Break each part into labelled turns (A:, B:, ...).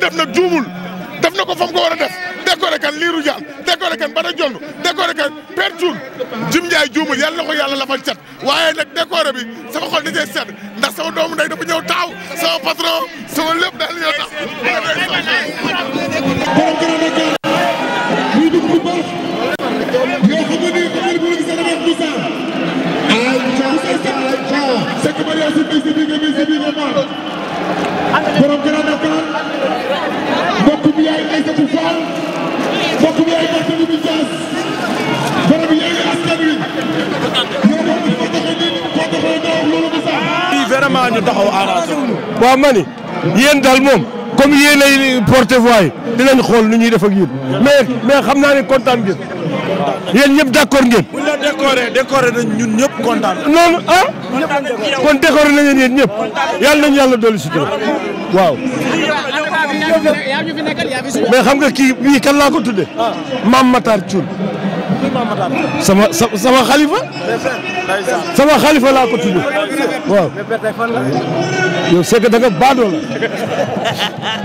A: def na juumul def na ko fa mu ko war a def décoré kan liiru jaan décoré kan Bada Jonn décoré kan Père Thioune Jim Ndiaye juumul yàlla na ko yàlla lafal cat waaye nag décoré bi sama xol da cee sedd ndax sama doomu ndey dafa ñëw taaw sama patron sama lépp daal ñëw tax mbokk mi ay Barthélémy Dias borom Yewwi Askan Wi yow moom dafa taxaw nii boo taxawee ñu taxaw arrangé wu. waaw mani yéen daal moom comme yéen ay porte-voix xool nu ñuy def ak yéen mais xam naa ne kontaan ngeen yéen ñëpp d'accord ngeen. buñ nañ ñun ñëpp kontaan. noonu ah. kon décoré nañ leen yéen ñëpp yàlla nañu yàlla dolli sutura waaw.
B: mais xam nga kii
A: bii kan laa ko tudde ah. Mame Matar Thioune sama sama xalifa sama xalifa laa ko tudde waaw
C: yow c'est que da nga baadoo la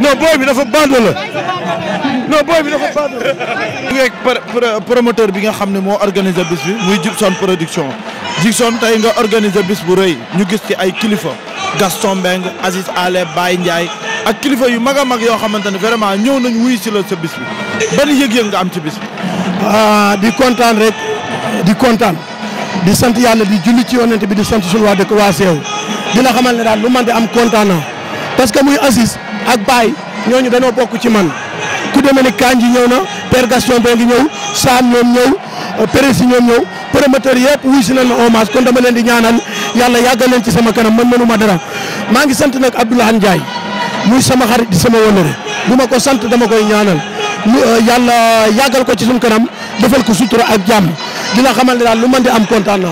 C: non booy bi dafa baadoo la non booy bi dafa baadoo la promoteur bi nga xam ne moo organisé bis bi muy Jibson production Jibson tey nga organisé bis bu rëy ñu gis ci ay kilifa Gaston Mbengue Aziz Ale Baye Ndiaye ak kilifa yu mag a mag yoo xamante ne vraiment ñëw nañ wuy si la sa bis bi ban yëg-yëg nga am ci bisi bi. Ah,
B: di kontaan rek di kontaan
C: di sant yàlla di julli ci yonent bi di sant suñu waa dëkk
B: waa Seew di la xamal ne daal lu man di am kontaan naa parce que muy Aziz ak Baye ñooñu dañoo bokk ci man ku demee ni Kanji ñëw na Père Gaston Mbengue ngi ñëw Sane ñoom ñëw euh, Pérési ñoom ñëw promoteur yëpp wuy na nañ ma hommage kon dama leen di ñaanal yàlla yàggal leen ci sama kanam man mënuma dara maa ngi sant nag Abdoulaye Ndiaye. muy sama xarit di sama wëllëre du ma ko sant dama koy ñaanal euh, yàlla yàggal ko ci suñu kanam defal ko sutura ak jàmm di na xamal ne daal lu mën di am kontaan naa.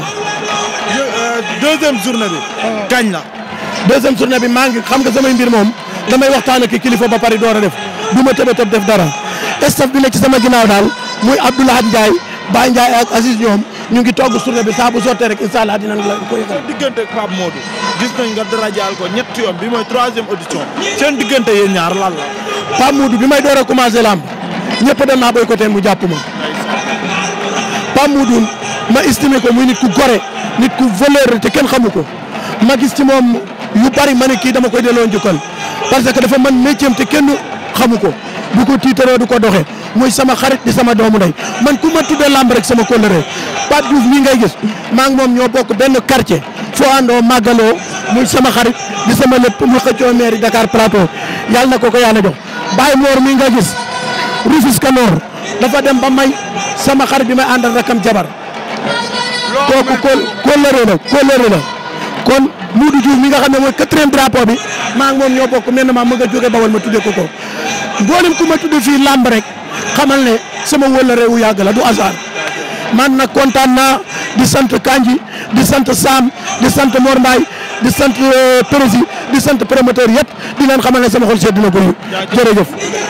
B: Euh, deuxième journée bi. Ah. kañ la. deuxième journée bi maa ngi xam nga samay mbir moom damay waxtaan ak kilifa ba pare door a def du ma tëb tëb def dara staff bi ne ci sama ginnaaw daal muy Abdoulaye Ndiaye baa Ndiaye ak Aziz ñoom. ñu ngi togg journée bi saa bu sottee rek incha allah dinañ la
C: ko yëgal. seen diggante ak Pape Modou gis nañ nga dara jaal ko ñetti yoon bi mooy troisième audition seen diggante yéen ñaar lan la.
B: Pape Modou bi may door a commencé lamb ñëpp dem naa boycotté mu jàpp ma. Pape Modou ma estimé ko muy nit ku gore nit ku valeur te kenn xamu ko ma gis moom yu bari ma ne kii dama koy delloo njukkal parce que dafa man métier te kenn xamu ko du ko tiitaroo du ko doxee. muy sama xarit di sama doomu ndey man ku ma tuddee lamb rek sama kóllëre Pape Diouf mi ngay gis maa moom ñoo bokk benn quartier foo àndoo màggaloo muy sama xarit di sama lépp ñu xëccoo mairie Dakar Plateau yàlla na ko ko yàlla jox Baye Mor mi nga gis ka Nord dafa dem ba may sama xarit bi may àndal rakam jabar kooku ko kóllëre la kóllëre la kon Modou Diouf mi nga xam ne mooy quatrième bi maa ngi moom ñoo bokk mel na maa mu nga jóge ma tuddee ko ko mboolem ku ma tuddee fii lamb rek xamal ne sama wëllare wu yàgg la du hasard man nag kontaan naa di sant Kanji di sant Sam di sant Mor Mbaye di sant euh, Pérési di sant promoteur yëpp di leen xamal ne sama xol sedd na ko
A: jërëjëf.